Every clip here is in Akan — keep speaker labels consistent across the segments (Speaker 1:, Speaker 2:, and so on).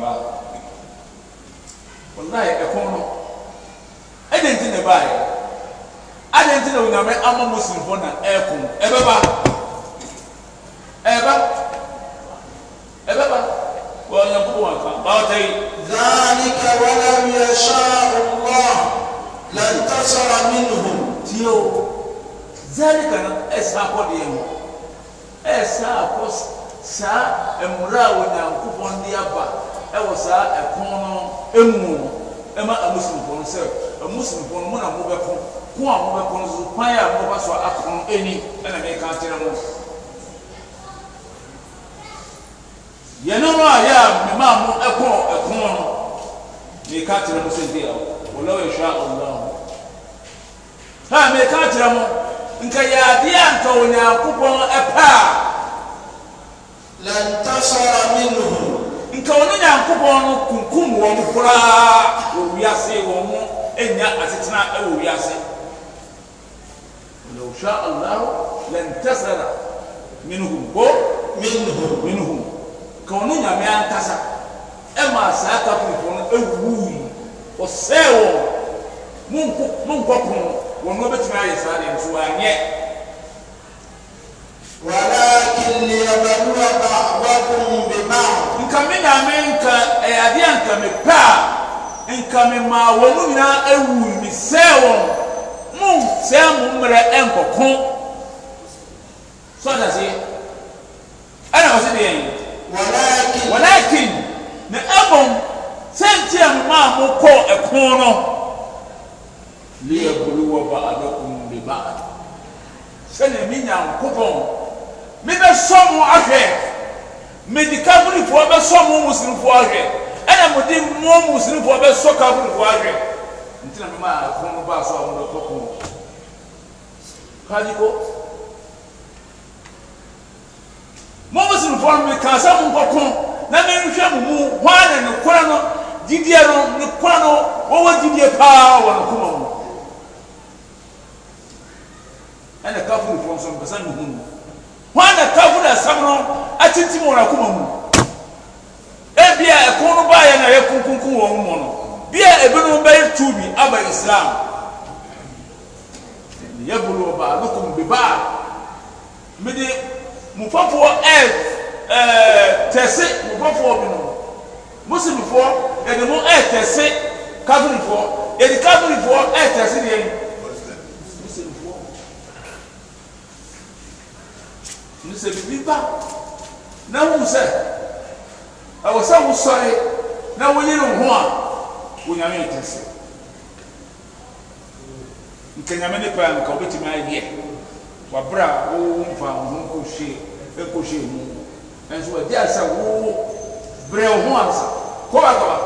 Speaker 1: baba wallahi ɛkɔn no ɛdɛ nti na ɛbaa yɛ adɛ nti na onyame ama muslimfoɔ na ɛɛko ɛbɛba ɛɛba ɛbɛba wɔnyankopɔn wɔnka baawɔtɛ yi ذلك ولم يشاء الله لانتصر منهم تيو ذلك ɛsa akɔ deɛ mu ɛsa akɔ saa mmara a onyankopɔn de aba ɛwɔ saa ɛpon no emu ɛma amusinfo no sɛ amusinfo no mo na mo bɛko ko a mo bɛko no so kwan a mo ba so ato no ani ɛna mi ka kyerɛ mo yɛn no a yɛ a mema a mo ɛkɔ ɛpon no mi ka kyerɛ mo sɛ deɛ wɔlɔ yɛ hwɛ ɔwura ho taa mi ka kyerɛ mo nka yɛ adeɛ a nka wɔn nyankopɔn ɛpɛ a lantasara minnu nka ɔno nyankopɔn no kunkum wɔn koraa wɔ wiase wɔn ho anya asetena wɔ wiase law sha allah lantasara minhum ko minhum minhum ka ɔno nyame ankasa ɛma saa kafirifoɔ no awuwui ɔsɛe wɔn monkɔpon wɔn no bɛtumi ayɛ saa deɛ nso anyɛ nka me na me nka ɛyɛ adeɛ a nka me pɛ a nka me maa wɔn nyinaa ewu mi sɛɛ wɔn mo sɛɛ mo mmerɛ ɛnkɔko sɔɔda se ɛna ɔsi deɛ yi wɔlɛɛkin na ɛmɔm sɛnti a mo maa mo kɔ ɛko no liya bolo wɔ ba adɔkun de ba sɛnɛ mi nya nkokɔn mi bɛ sɔn ahwɛ mede kafirifoɔ bɛsɔ mo muslimfoɔ ahwɛ ɛna mode mo muslimfoɔ bɛsɔ kafirifoɔ ahwɛ nti na mema afo no baa so a modɔkɔ ko kadiko mo muslimfoɔ no meka sɛ monkɔko na menhwɛ mo mu hɔ a na nokora no gyidie no nokora no wɔwɔ gyidie paa wɔ no koma mu ɛna kafirifoɔ nso mpɛ sɛ mehu no hɔ a na kafiri asɛm no atintim wɔn akoma mu ebia ɛko no baayɛ na ɛyɛ kunkunkun wɔn mu no bia ebinom bɛyɛ tuubi aba islam yɛbolo ɔbaa lokom bibaa mede mufafoɔ ɛɛ e, ɛɛ e, tɛse mufafoɔ bi no muslimfoɔ yɛde mu ɛɛ e tɛse kafirifoɔ yɛde kafirifoɔ ɛɛ tɛse deɛ yi muslimfoɔ nisɛ bibi ba na wohu sɛ ɛwɔ sɛ wosɔre na woyi ne ho a wonyame ne tɛsɛ nka nyame ne paa nka wobɛtumi ayɛ wabrɛ a wowo mfa wo ho nkɔhwee nkɔhwee mu nanso wadi a sɛ brɛ wo ho asa kɔbakɔba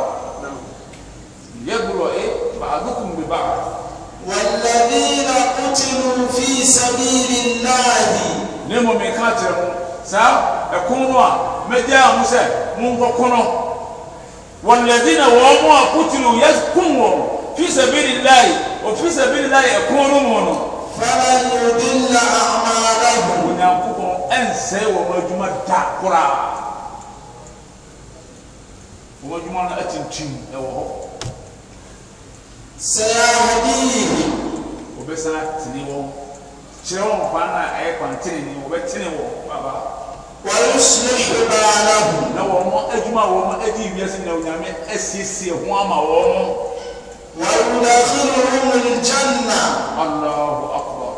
Speaker 1: yɛgorɔ e baadokum bi baa والذين قتلوا في سبيل الله نمو مكاترهم saa ɛkon no a mɛgyaa mo sɛ monkɔko no wɔlɛdina wɔn mo a kutulu yɛ kum wɔn fi sɛbili lai ofi sɛbili lai ɛkon no mu no. fɛrɛ yorùbá na amara bò. onyankopɔn ɛnsɛe wɔn adwuma da koraa wɔn adwuma no atintim ɛwɔ hɔ. sɛ ahadi. obɛsan tene wɔn kyerɛ wɔn kwan na ɛyɛ kwan teneni wɔbɛtene wɔn baba. wɔrehyerɛhyerɛ baa na ho. na wɔn adwuma a wɔn adi wiase na onyame asiesie ho ama wɔn. wɔredakiru wɔn gyanna. allahu akbar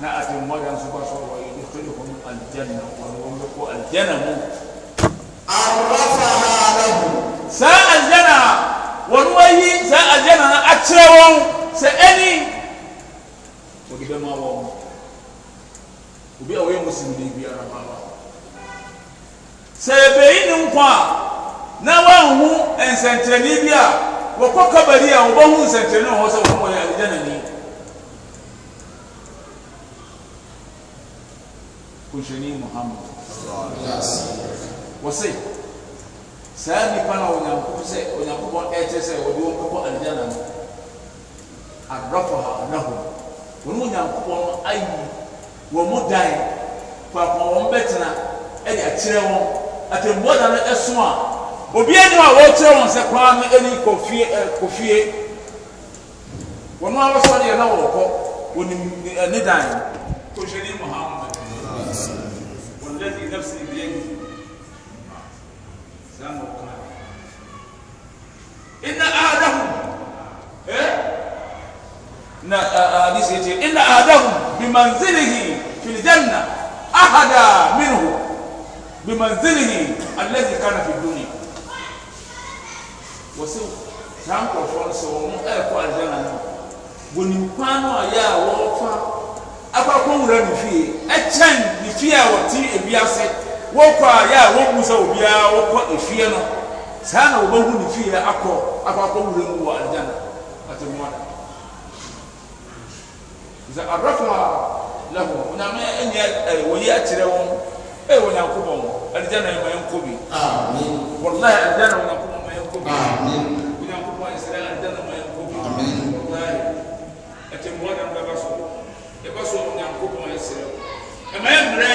Speaker 1: na ati mmɔda nso kɔ so wɔ ebi kiri wɔn aljanna wɔn wɔn bɛ kɔ aljanna mu. arafa ha na ho. saa aljanna wɔn wɔyi saa aljanna na akyerɛ wɔn sɛ ɛni. wɔde obi a ɔyɛ muslim de biara baawa sɛ ebeyi ne nkwa a na wɔnhu nsɛnkyerɛnne bi a wɔkɔ kabari a wɔbɛhu nsɛnkyerɛnne wɔ hɔ sɛ wɔn wɔyɛ adigya n'ani kòhyɛni muhammad wɔsi saa nipa na onyankopɔn sɛ onyankopɔn ɛkyɛ sɛ wɔde wɔn kɔkɔ adigya n'ani adrafa ha anahu wɔn mu nyankopɔn ayi wɔn mu dan faako a wɔn bɛtena ɛde akyerɛ wɔn atɛnbɔ da no ɛso a obi anim a wɔrekyerɛ wɔn sɛ koraa no ani kɔfie ɛ kɔfie wɔn a wɔsɔ deɛ na wɔrekɔ wɔn ɛne dan kɔhwɛni muhammad wɔn lɛbi nafsi ebien saa na ɔka inna ahadahu ɛ na a a ne sɛ ɛkyɛ inna ah, ah, ahadahu bimanzilihi. في الجنة أحدا منه بمنزله الذي كان في الدنيا وسو سان كوفون سو مو اي كو الجنة بني كوانو يا وفا akwa kwan wura ne fie ɛkyɛn ne fie a wɔte ebi ase wɔkɔ a yɛ a wɔbu sɛ obiara wɔkɔ efie no saa na wɔbɛhu ne fie akɔ akɔ akɔ wura mu wɔ adan ati mu ada sɛ arafa lahu onyame ɛnyɛ ɛɛ wɔyi akyerɛ wɔn ɛyɛ wɔn nyanko bɔn ɛdigya na ɛma ɛnko bi wɔlayi ɛdigya na ɔnyanko bɔn ma ɛnko bi ɔnyanko bɔn ɛsrɛ ɛdigya na ɔma ɛnko bi wɔlayi ɛtɛmuwa na ɛmɛ ɛba so ɛba so ɔnyanko bɔn ɛsrɛ ɛma yɛ mmerɛ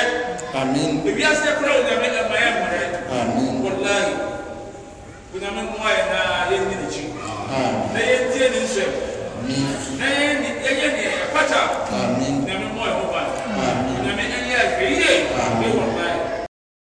Speaker 1: ebi asɛ kura onyame ɛma yɛ mmerɛ wɔlayi onyame mu ayɛ na yɛ nyi n'akyi na yɛ ntie